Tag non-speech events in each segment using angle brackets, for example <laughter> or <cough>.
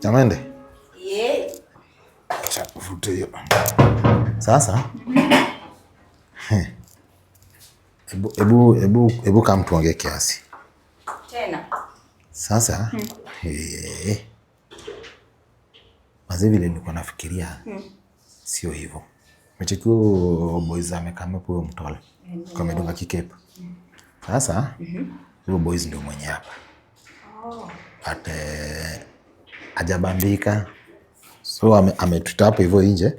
Chamende? Yeah. Acha uvute hiyo. Sasa ebu, ebu, ebu, ebu kama tuongee kiasi tena sasa hmm. Hey. Maze vile nilikuwa nafikiria hmm. Sio hivyo mechekio boys amekamepo huyo mtole hmm. Kamedunga kikepa sasa mhm. huyo hmm. Boys ndio mwenye hapa oh. Ate eh, ajabambika so ametuta ame hivyo nje,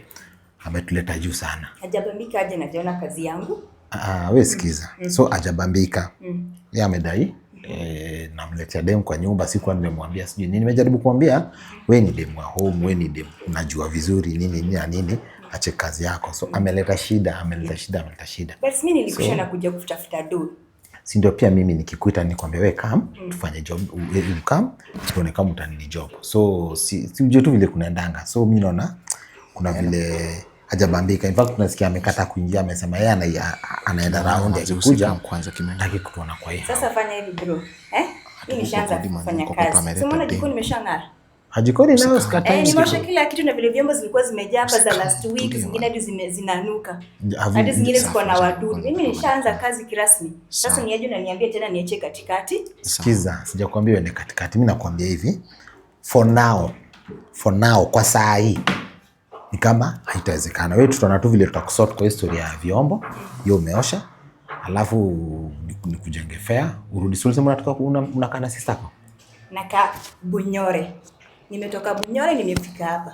ametuleta juu sana. ajabambika aje najiona kazi yangu. Ah, ah we sikiza. Mm. -hmm. So ajabambika Mm. Yeye amedai E, namletea demu kwa nyumba, sikuwa nimemwambia sijui nini. Nimejaribu kumwambia we ni demu wa home, we ni demu unajua vizuri nini nini na nini, ache kazi yako. So ameleta shida, ameleta shida, ameleta shida. Basi mimi nilikuja na kuja kutafuta do si ndio? Pia mimi nikikuita nikwambia wewe kam mm. tufanye job, kam eh, tuone kama utanini job. So si, si ujue tu vile kunaendanga. So mi naona kuna yaani vile hajabambika. In fact tunasikia amekata kuingia, amesema yeye ana, anaenda yaani raundi akikuja kwanza kimani nataki kutuona. Kwa hiyo sasa fanya hivi bro, eh, mimi nishaanza kufanya kazi, simuona jikoni nimeshang'ara Hajikodi nayo sikatai. Eh, nimeosha kila kitu na vile vyombo zilikuwa zimejaa hapa za last week, zingine hadi zinanuka. Hadi zingine ziko na wadudu. Mimi nishaanza kazi kirasmi. Sasa niaje na niambie tena niache katikati? Sikiza, sijakwambia wewe katikati. Mimi nakwambia hivi. For now. For now kwa saa hii. Ni kama haitawezekana. Wewe tutaona tu vile tutakusort kwa historia ya vyombo. Hiyo umeosha. Alafu nikujenge fair, urudi sasa unataka unakaa na sisi sako. Nakaa Bunyore. Nimetoka Bunyore nimefika hapa.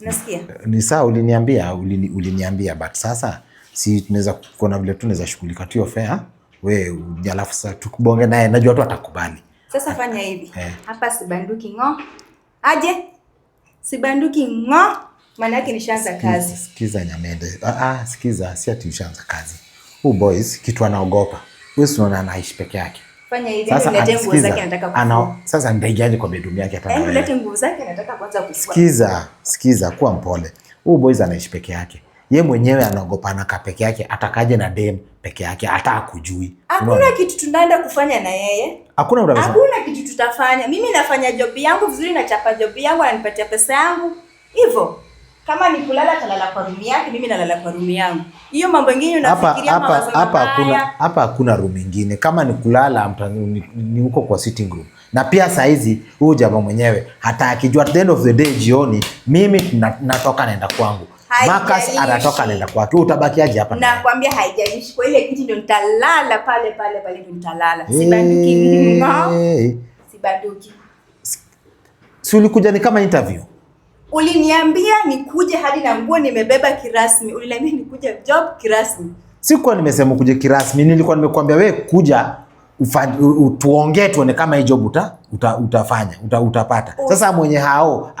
Unasikia? Ni sawa, uliniambia uliniambia, but sasa si tunaweza kuona vile tunaweza shughulika tu ofea wewe, alafu sasa tukubonge naye, najua tu atakubali. Sasa fanya hivi eh. hapa, sibanduki ng'o aje, sibanduki ng'o, maana yake nishaanza kazi. Sikiza Nyamende, ah, ah, sikiza, si ati ushaanza kazi. Huyu boys kitu anaogopa wewe, unaona anaishi peke yake Fanya hivi, niletee nguo zake nataka kufua. Sasa nitaigiaje kwa bedroom yake hata yaani na nilete zake nataka kwanza kufua. Sikiza, sikiza, kuwa mpole. Huyu boys anaishi peke yake. Ye mwenyewe anaogopa ka peke yake, atakaje na dem peke yake, hata akujui. Hakuna kitu tunaenda kufanya na yeye. Hakuna unaweza. Hakuna kitu tutafanya. Mimi nafanya job yangu vizuri, nachapa job yangu, ananipatia pesa yangu. Hivyo. Kama ni kulala talala kwa rumi yake, mimi nalala kwa rumi yangu. Hiyo mambo mengine unafikiria hapa hapa hakuna hapa hakuna rumi nyingine. Kama ni kulala ni, ni uko kwa sitting room. Na pia saa hizi huyu jamaa mwenyewe hata akijua at the end of the day jioni mimi natoka naenda kwangu. Makas anatoka naenda kwake. Utabaki aje hapa? Nakwambia haijalishi. Kwa ile kiti ndio nitalala pale pale pale ndio nitalala. Sibanduki mimi. <laughs> Sibanduki. Si ulikuja ni kama interview. Uliniambia nikuje hadi na nguo nimebeba kirasmi. Uliniambia nikuje job kirasmi. Sikuwa nimesema ukuje kirasmi, nilikuwa nimekuambia we kuja tuongee tuone kama hii job uta, uta, utafanya uta, utapata. Oh. Sasa mwenye hao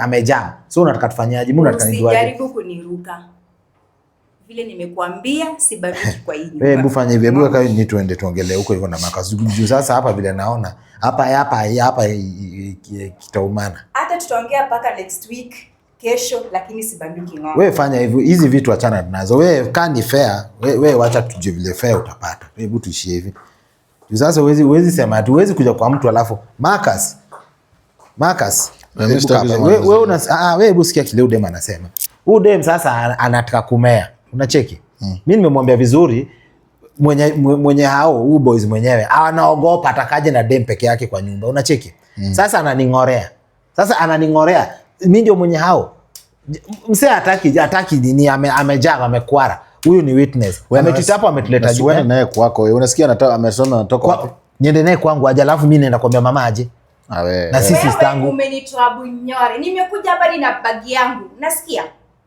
amejam, so unataka tufanyaje? Mimi nataka nijuaje? kuniruka vile nimekuambia sibariki eh, kwa hii nyumba. Eh, hebu fanya hivi, hebu ni tuende tuongelee huko iko na makazi juu. Sasa hapa vile naona hapa hapa hapa kitaumana, hata tutaongea mpaka next week kesho, lakini sibanduki ng'ombe. Wewe fanya hivyo, hizi vitu achana nazo wewe, ni fair wewe, wacha tujue vile fair utapata. Hebu tuishie hivi juu sasa, huwezi huwezi sema ati huwezi kuja kwa mtu alafu Marcus Marcus, wewe una ah, ah, wewe, hebu kile udem anasema. Udem sasa anataka kumea Unacheki? Mm. Mimi nimemwambia vizuri mwenye, mwenye hao u boys mwenyewe anaogopa atakaje na dem peke yake kwa nyumba. Unacheki? Mm. Sasa ananing'orea. Sasa ananing'orea. mi ndio mwenye hao. Msee ataki, ataki nini amejaa ame amekwara. Huyu ni witness. Wewe ametuleta juu. Wewe naye kwako. Unasikia anatoka amesoma anatoka kwa, Niende naye kwangu aje alafu mimi naenda kuambia mama aje. Ah, na sisi sistangu. umenitoa bunyore Nimekuja hapa na bagi yangu. Nasikia?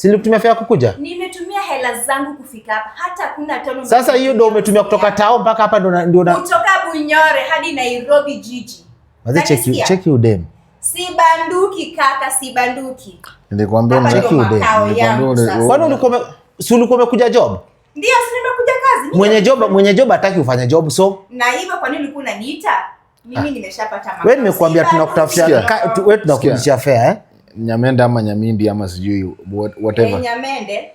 Si nilikutumia fare kukuja? Nimetumia hela zangu kufika hapa. Hata kuna tano. Sasa hiyo ndio umetumia kutoka tao mpaka hapa ndio ndio na kutoka Bunyore hadi Nairobi jiji. check Wacha cheki cheki udem. Si banduki kaka, si banduki. Nilikwambia unataki udem. Kwani ulikuwa si ulikuwa umekuja job? Ndio, si nimekuja kazi. Mwenye job mwenye job hataki ufanye job so. Na hivyo kwa nini ulikuwa unaniita? Mimi ah. nimeshapata mambo. Wewe nimekuambia tunakutafutia, wewe tunakujishia fare eh? Nyamende ama Nyamindi ama sijui whatever. Eh, Nyamende.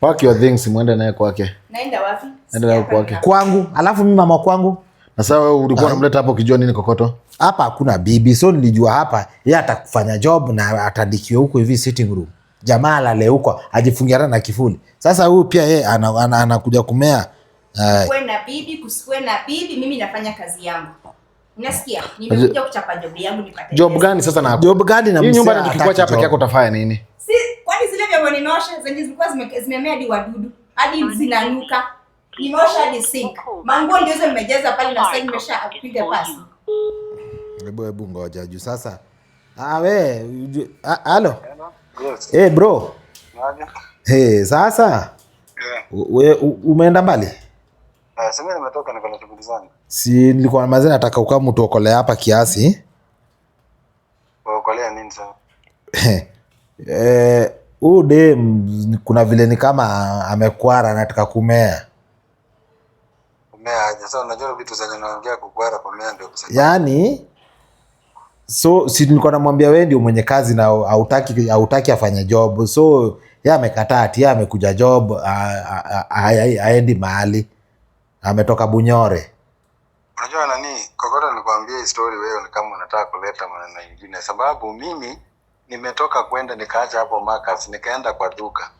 Pack your things muende naye kwake. Naenda wapi? Naenda naye kwake. Kwangu, alafu mimi mama kwangu. Na sasa wewe ulikuwa unamleta hapo ukijua nini kokoto? Hapa hakuna bibi, so nilijua hapa yeye atakufanya job na atadikiwa huko hivi sitting room. Jamaa alale huko ajifungiana na kifuli. Sasa huyu pia yeye anakuja ana, ana kumea. Kuwe eh. na bibi, kusikwe na bibi, mimi nafanya kazi yangu. Nasikia, nimekuja kuchapa job yangu nipate. Job gani sasa na job gani na msema? Hii nyumba nikikuwa chapa yako utafanya nini? Si kwani zile vya mwani nosha zenye zilikuwa zimemea hadi wadudu, hadi zinanuka. Nimeosha hadi sink. Manguo ndio hizo nimejaza pale na sasa nimeshapiga oh pasi. Hebu hebu ngoja juu sasa. Ah we, ah, halo. Eh bro. Eh, sasa. Wewe umeenda mbali? Eh, sasa Si nilikuwa mazee nataka hapa kiasi. <laughs> Eh, huu de kuna vile ni kama amekwara nataka kumea. Kumea ndio Yaani so si nilikuwa namwambia wewe ndio mwenye kazi na autaki afanye job. So ye amekataa ati amekuja job aendi mahali ametoka Bunyore. Unajua nani kokoto, nilikwambia hii story wewe, ni kama unataka kuleta maneno ingine sababu mimi nimetoka kwenda nikaacha hapo makas nikaenda kwa duka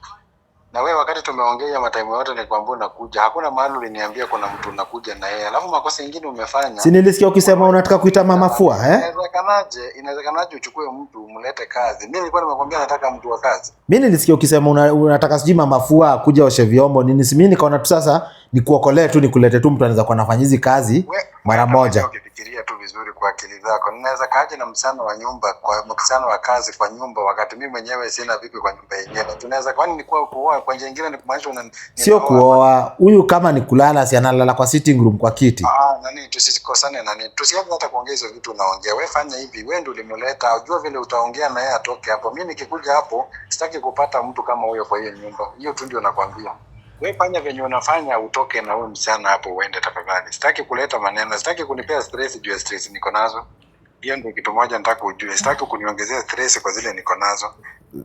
na wewe wakati tumeongea mataimu yote nikwambia unakuja, hakuna mahali uliniambia kuna mtu unakuja na yeye, alafu makosa mengine umefanya. Si nilisikia ukisema unataka kuita mama fua eh? inawezekanaje, inawezekanaje uchukue mtu umlete kazi? Mimi nilikuwa nimekwambia nataka mtu wa kazi. Mimi nilisikia ukisema una, unataka sijui mamafua kuja oshe vyombo nini, mimi nikaona tu sasa nikuokolee tu nikulete tu mtu anaweza kuwa anafanya hizi kazi mara moja. okay kufikiria tu vizuri kwa akili zako. Ninaweza kaje na msano wa nyumba kwa mkisano wa kazi kwa nyumba, wakati mimi mwenyewe sina vipi kwa nyumba yenyewe. Tunaweza kwani ni kwa kuoa kwa njia nyingine, ni kumaanisha una sio kuoa huyu, kama ni kulala, si analala kwa sitting room kwa kiti. Ah, nani tusikosane, nani tusianze hata kuongea hizo vitu. Unaongea wewe, fanya hivi, wewe ndio ulimleta, unajua vile utaongea na yeye atoke hapo. Mimi nikikuja hapo, sitaki kupata mtu kama huyo kwa hiyo nyumba. Hiyo tu ndio nakwambia we fanya venye unafanya utoke na huyu msichana hapo uende tafadhali sitaki kuleta maneno sitaki kunipea stress juu ya stress niko nazo hiyo ndio kitu moja nataka ujue sitaki kuniongezea stress kwa zile niko nazo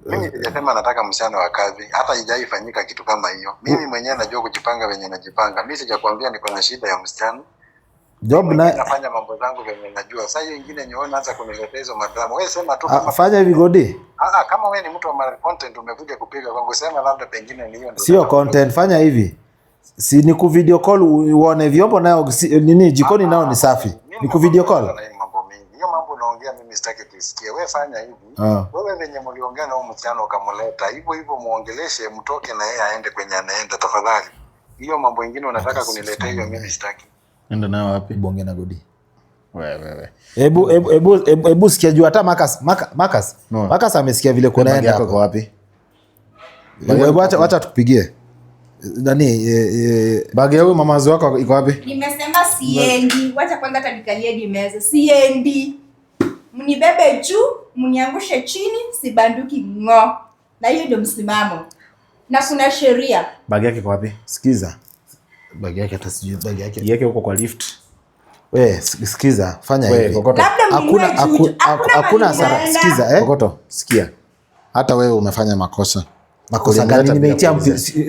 mimi sijasema nataka msichana wa kazi hata ijaifanyika kitu kama hiyo mimi mwenyewe najua kujipanga venye najipanga mi sijakuambia niko na shida ya msichana Job na nafanya mambo zangu venye najua. Sasa hiyo nyingine nyoona naanza kuniletea hizo madrama. Wewe sema tu ah, kama fanya hivi godi. Ah, ah, kama wewe ni mtu wa content umekuja kupiga kwangu, sema labda pengine ni hiyo ndio. Sio content, fanya hivi. Si ni ku video call uone vyombo nayo nini jikoni ah, nao ni safi. Ni ku video call. Mambo mengi. Hiyo mambo unaongea mimi sitaki kusikia. Wewe fanya hivi. Wewe venye mliongea na huyo msichana ukamleta, hivyo hivyo muongeleshe mtoke na yeye aende kwenye anaenda tafadhali. Hiyo mambo mengine unataka kuniletea hiyo mimi sitaki enda nayo wapi? Bonge na Godi. ebu, wewe. Hebu sikia juu hata Makas, Marcus. Marcus amesikia vile kuna yeye hapo. Wapi? wacha, acha tukupigie. Nani bagi yao mamazi wako iko wapi? Nimesema siendi. Wacha kwanza hata nikalie nimeze. Siendi. Mnibebe juu, mniangushe chini, sibanduki ng'o. Na hiyo ndio msimamo. Na kuna sheria. Bagi yake iko wapi? Sikiza bagi yake hata sijui bagi yake yake huko kwa lift. We sikiza, fanya hivi, hakuna hakuna hasara. Sikiza eh, kokoto, sikia, hata wewe umefanya makosa. Makosa gani? Nimeitia,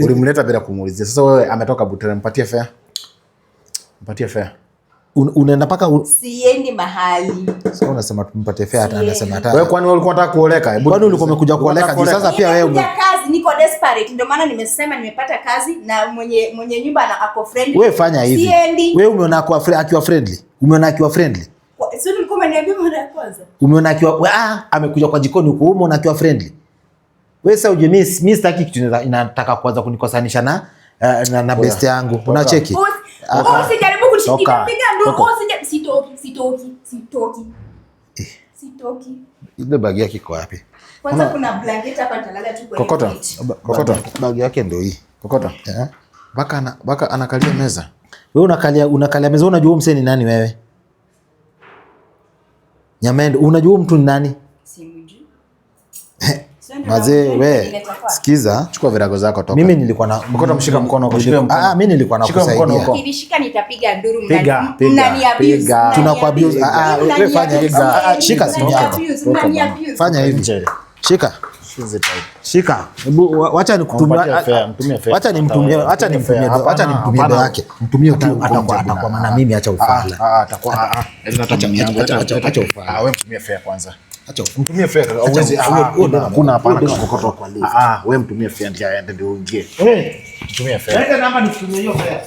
ulimleta bila kumuulizia. Sasa wewe ametoka Butere, mpatie fare, mpatie fare. Unaenda paka un... siendi mahali sasa, unasema tumpatie fare, hata anasema hata wewe. Kwani wewe ulikuwa unataka kuoleka? Kwani ulikuwa umekuja kuoleka? Sasa pia wewe niko desperate, ndio maana nimesema nimepata kazi na mwenye mwenye nyumba na ako friendly. Wewe fanya hivi, wewe umeona akiwa friendly, umeona akiwa friendly umeona akiwa ah, amekuja kwa jikoni huko, umeona akiwa friendly. Wewe sasa uje, mimi mimi sitaki kitu inataka kuanza kunikosanisha na eh, na, na best yangu, unacheki. Ah, ah. Usijaribu kunishikilia, piga ndio. Usijaribu, sitoki, sitoki, sitoki, eh. sitoki. Ile bagi yako iko wapi? Kwanza kuna blanketi hapa nitalala tu kwenye kokota. Kokota. Bagi yake ndio hii. Kokota. Eh. Baka ana, baka anakalia meza. Wewe unakalia unakalia meza, unajua msee mseni nani wewe? Nyamendo, unajua mtu ni nani? Simjui. Eh, we, sikiza, chukua virago zako toka. Mimi nilikuwa na kokota, mshika mkono kwa shika mkono. Ah, mimi nilikuwa na kusaidia. nakusaidia. Ukishika nitapiga nduru mnani. Mnani abuse. Tunakuabuse. Ah, ah wewe fanya hivi. Shika simu yako. Fanya hivi. Shika. Shika. wacha nikutumie. Wacha nimtumie. Wacha nimtumie. Wacha nimtumie ndio yake. Mtumie tu atakuwa atakuwa maana mimi acha ufala. Ah, ah, atakuwa ah. Acha acha ufala. Wewe mtumie fair kwanza. Acha mtumie fair. Hauwezi hakuna ah, hapana kokoto kwa leo. Ah, ah, wewe mtumie fair ndio aende ndio uingie. Eh, mtumie fair. Leta namba nitumie hiyo fair.